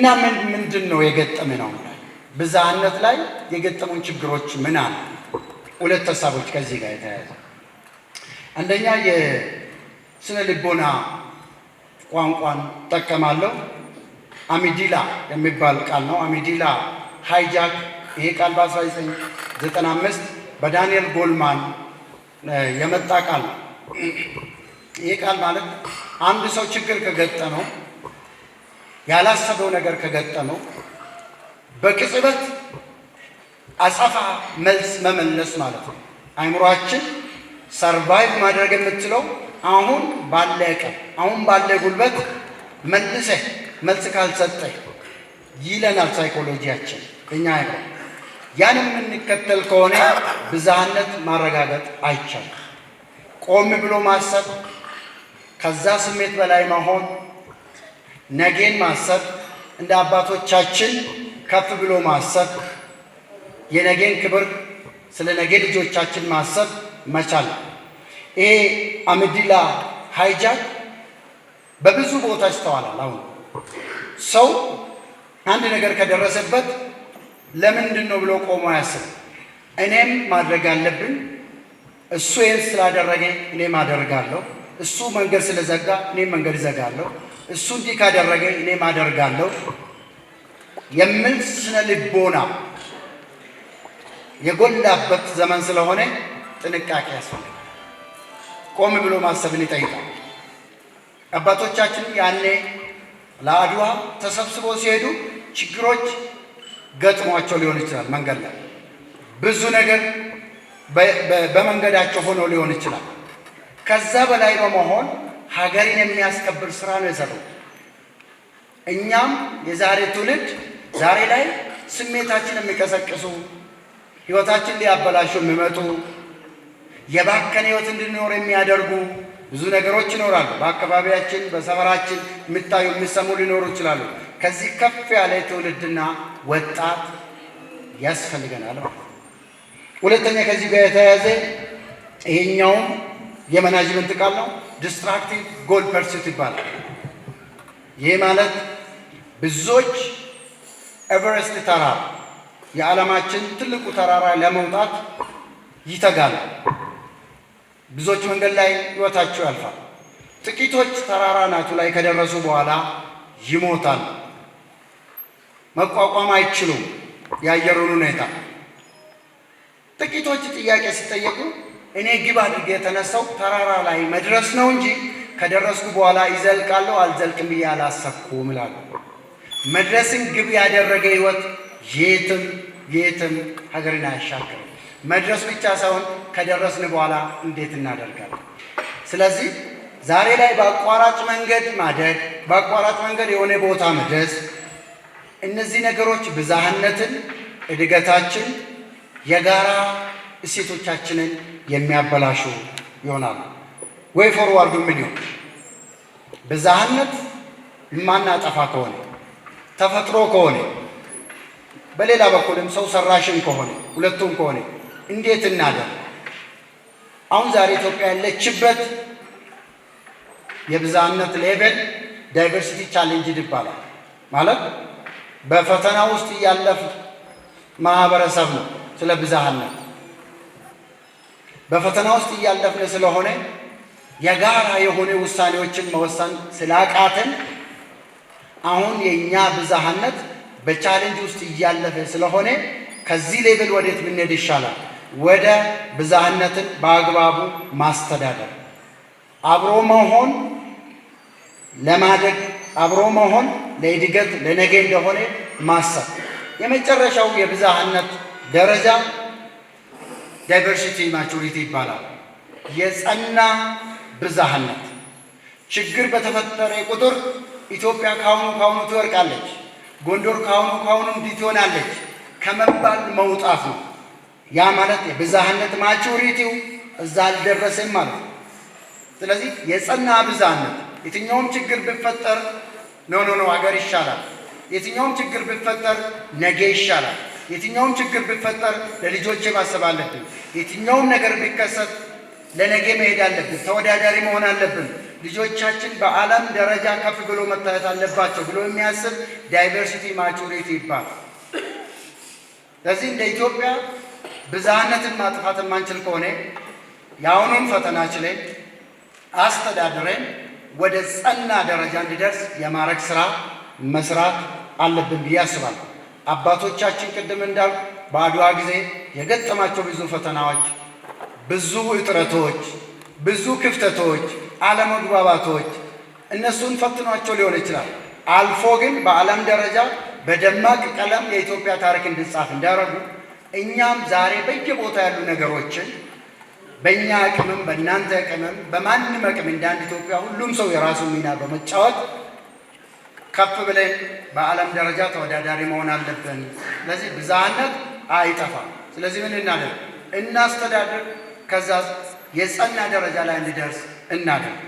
እና ምንድን ነው የገጠመ ነው ብዝሃነት ላይ የገጠሙን ችግሮች ምን አሉ? ሁለት ሀሳቦች ከዚህ ጋር የተያያዘ አንደኛ የስነ ልቦና ቋንቋን ጠቀማለሁ። አሚዲላ የሚባል ቃል ነው። አሚዲላ ሃይጃክ ይሄ ቃል በ1995 በዳንኤል ጎልማን የመጣ ቃል ነው። ይሄ ቃል ማለት አንድ ሰው ችግር ከገጠመው ያላሰበው ነገር ከገጠመው በቅጽበት አጸፋ መልስ መመለስ ማለት ነው። አይምሯችን ሰርቫይቭ ማድረግ የምትለው አሁን ባለ ቀን አሁን ባለ ጉልበት መልሰህ መልስ ካልሰጠህ ይለናል ሳይኮሎጂያችን። እኛ አይ ያን የምንከተል ከሆነ ብዝሃነት ማረጋገጥ አይቻልም። ቆም ብሎ ማሰብ፣ ከዛ ስሜት በላይ መሆን ነገን ማሰብ እንደ አባቶቻችን ከፍ ብሎ ማሰብ፣ የነገን ክብር ስለ ነገ ልጆቻችን ማሰብ መቻል። ይሄ አምዲላ ሃይጃክ በብዙ ቦታ ይስተዋላል። አሁን ሰው አንድ ነገር ከደረሰበት ለምንድን ነው ብሎ ቆሞ አያስብ። እኔም ማድረግ አለብን፣ እሱ ይህን ስላደረገ እኔም አደርጋለሁ፣ እሱ መንገድ ስለዘጋ እኔም መንገድ እዘጋለሁ እሱ እንዲህ ካደረገ እኔም አደርጋለሁ የምን ስነ ልቦና የጎላበት ዘመን ስለሆነ ጥንቃቄ ያስፈልጋል። ቆም ብሎ ማሰብን ይጠይቃል። አባቶቻችን ያኔ ለአድዋ ተሰብስበው ሲሄዱ ችግሮች ገጥሟቸው ሊሆን ይችላል። መንገድ ላይ ብዙ ነገር በመንገዳቸው ሆኖ ሊሆን ይችላል። ከዛ በላይ በመሆን ሀገርን የሚያስከብር ስራ ነው የሰራው። እኛም የዛሬ ትውልድ ዛሬ ላይ ስሜታችን የሚቀሰቅሱ ህይወታችን ሊያበላሹ የሚመጡ የባከን ህይወት እንድንኖር የሚያደርጉ ብዙ ነገሮች ይኖራሉ። በአካባቢያችን በሰፈራችን የሚታዩ የሚሰሙ ሊኖሩ ይችላሉ። ከዚህ ከፍ ያለ ትውልድና ወጣት ያስፈልገናል ሁለተኛ ከዚህ ጋር የተያያዘ ይሄኛውም የመናጅመንት ቃል ነው። ዲስትራክቲቭ ጎል ፐርሱት ይባላል። ይህ ማለት ብዙዎች ኤቨረስት ተራራ የዓለማችን ትልቁ ተራራ ለመውጣት ይተጋሉ። ብዙዎች መንገድ ላይ ሕይወታቸው ያልፋል። ጥቂቶች ተራራ ናቱ ላይ ከደረሱ በኋላ ይሞታል። መቋቋም አይችሉም የአየሩን ሁኔታ። ጥቂቶች ጥያቄ ሲጠየቁ እኔ ግብ አድርጌ የተነሳው ተራራ ላይ መድረስ ነው እንጂ ከደረስኩ በኋላ ይዘልቃለሁ አልዘልቅም ብዬ አላሰብኩም እላለሁ። መድረስን ግብ ያደረገ ህይወት የትም የትም ሀገርን አያሻግርም። መድረስ ብቻ ሳይሆን ከደረስን በኋላ እንዴት እናደርጋለን? ስለዚህ ዛሬ ላይ በአቋራጭ መንገድ ማደግ፣ በአቋራጭ መንገድ የሆነ ቦታ መድረስ፣ እነዚህ ነገሮች ብዝሃነትን፣ እድገታችን፣ የጋራ እሴቶቻችንን የሚያበላሹ ይሆናሉ። ወይ ፎርዋርዱ ምን ይሆን? ብዛህነት የማናጠፋ ከሆነ ተፈጥሮ ከሆነ በሌላ በኩልም ሰው ሰራሽን ከሆነ ሁለቱም ከሆነ እንዴት እናደር? አሁን ዛሬ ኢትዮጵያ ያለችበት የብዛህነት ሌቨል ዳይቨርሲቲ ቻሌንጅ ይባላል። ማለት በፈተና ውስጥ እያለፍ ማህበረሰብ ነው ስለ ብዝሃነት በፈተና ውስጥ እያለፍን ስለሆነ የጋራ የሆነ ውሳኔዎችን መወሰን ስላቃትን አሁን የእኛ ብዛሃነት በቻሌንጅ ውስጥ እያለፈ ስለሆነ ከዚህ ሌቭል ወዴት ብንሄድ ይሻላል? ወደ ብዛህነትን በአግባቡ ማስተዳደር፣ አብሮ መሆን ለማደግ አብሮ መሆን ለእድገት ለነገ እንደሆነ ማሰብ። የመጨረሻው የብዛህነት ደረጃ ዳይቨርሲቲ ማቹሪቲ ይባላል። የጸና ብዛህነት ችግር በተፈጠረ ቁጥር ኢትዮጵያ ካሁኑ ካሁኑ ትወርቃለች፣ ጎንደር ካሁኑ ካሁኑ እንዲህ ትሆናለች ከመባል መውጣት ነው። ያ ማለት የብዛህነት ማቹሪቲው እዛ አልደረሰም ማለት ነው። ስለዚህ የጸና ብዛህነት የትኛውም ችግር ቢፈጠር ኖ ኖ ኖ አገር ይሻላል፣ የትኛውም ችግር ቢፈጠር ነገ ይሻላል የትኛውም ችግር ቢፈጠር ለልጆቼ ማሰብ አለብን። የትኛውም ነገር ቢከሰት ለነገ መሄድ አለብን። ተወዳዳሪ መሆን አለብን። ልጆቻችን በዓለም ደረጃ ከፍ ብሎ መታየት አለባቸው ብሎ የሚያስብ ዳይቨርሲቲ ማቹሪቲ ይባላል። ለዚህ እንደ ኢትዮጵያ ብዝሃነትን ማጥፋት የማንችል ከሆነ የአሁኑን ፈተና ችለን አስተዳድረን ወደ ጸና ደረጃ እንዲደርስ የማድረግ ስራ መስራት አለብን ብዬ አስባለሁ። አባቶቻችን ቅድም እንዳል በአድዋ ጊዜ የገጠማቸው ብዙ ፈተናዎች፣ ብዙ እጥረቶች፣ ብዙ ክፍተቶች፣ አለመግባባቶች እነሱን ፈትኗቸው ሊሆን ይችላል። አልፎ ግን በዓለም ደረጃ በደማቅ ቀለም የኢትዮጵያ ታሪክ እንድጻፍ እንዳደረጉ እኛም ዛሬ በየቦታ ያሉ ነገሮችን በእኛ አቅምም በእናንተ አቅምም በማንም አቅም እንደ አንድ ኢትዮጵያ ሁሉም ሰው የራሱን ሚና በመጫወት ከፍ ብለን በዓለም ደረጃ ተወዳዳሪ መሆን አለብን። ስለዚህ ብዝሃነት አይጠፋም። ስለዚህ ምን እናደርግ? እናስተዳድር። ከዛ የጸና ደረጃ ላይ እንዲደርስ እናደርግ።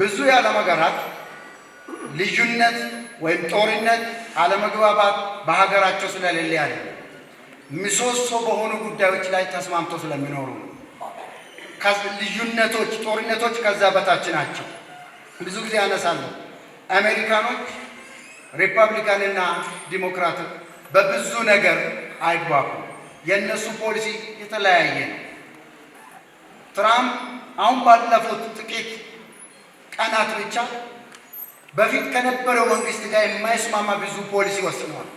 ብዙ የዓለም ሀገራት ልዩነት ወይም ጦርነት፣ አለመግባባት በሀገራቸው ስለሌለ ያለ ምሰሶ በሆኑ ጉዳዮች ላይ ተስማምቶ ስለሚኖሩ ልዩነቶች፣ ጦርነቶች ከዛ በታች ናቸው። ብዙ ጊዜ ያነሳለሁ አሜሪካኖች ሪፐብሊካንና ዲሞክራት በብዙ ነገር አይግባቡም። የእነሱ ፖሊሲ የተለያየ ነው። ትራምፕ አሁን ባለፉት ጥቂት ቀናት ብቻ በፊት ከነበረው መንግስት ጋር የማይስማማ ብዙ ፖሊሲ ወስነዋል።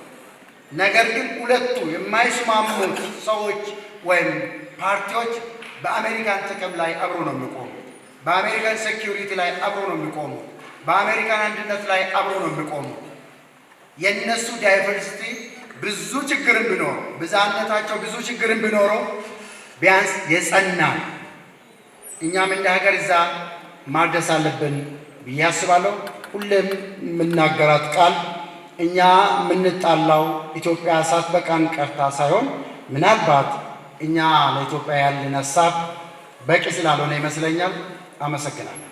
ነገር ግን ሁለቱ የማይስማሙት ሰዎች ወይም ፓርቲዎች በአሜሪካን ጥቅም ላይ አብሮ ነው የሚቆሙ በአሜሪካን ሴኪሪቲ ላይ አብሮ ነው የሚቆሙ በአሜሪካን አንድነት ላይ አብሮ ነው የሚቆሙት። የእነሱ ዳይቨርሲቲ ብዙ ችግርን ቢኖር ብዛነታቸው ብዙ ችግርን ቢኖረው ቢያንስ የጸና እኛም እንደ ሀገር እዛ ማደስ አለብን ብዬ አስባለሁ። ሁሌም የምናገራት ቃል እኛ የምንጣላው ኢትዮጵያ በቃን ቀርታ ሳይሆን ምናልባት እኛ ለኢትዮጵያ ያለን ሀሳብ በቂ ስላልሆነ ይመስለኛል። አመሰግናለሁ።